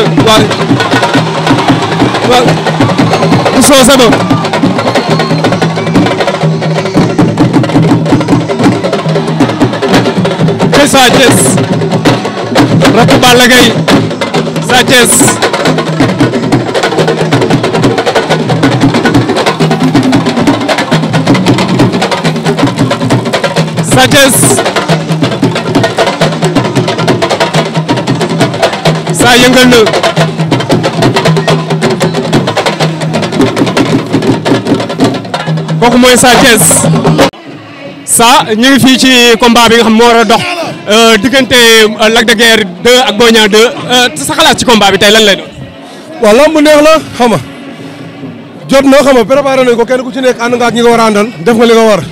Sène waaw waaw Ousmane Sène te Sa Thiès rakk Balla Gaye Sa Thiès Sa Thiès Franc yëngal na kooku mooy Sa Thiès sa ñu ngi fii ci combat bi nga xam moo war a dox euh, diggante euh, Lac de Guiers 2 ak Boy Niang 2 euh, sa xalaat ci combat bi tey lan lay doon. lamb mu neex la xam nga jot na xam nga préparé ko kenn ku ci nekk ànd nga ak ñi nga war a àndal def nga li nga war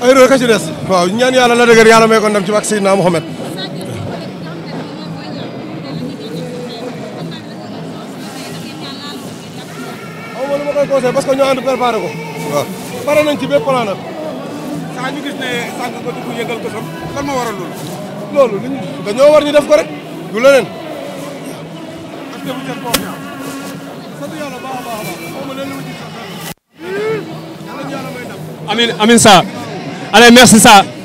ay réer ka ci des waaw ñaan yàlla Lac de Guiers yàlla may ko ndam ci ak Seydina Mohamed. lu parce que ñoo ànd préparé ko. waaw pare nañ ci bépp plan nag. saa ñu loolu. loolu li ñu dañoo war ñu def ko rek du leneen. parce que bu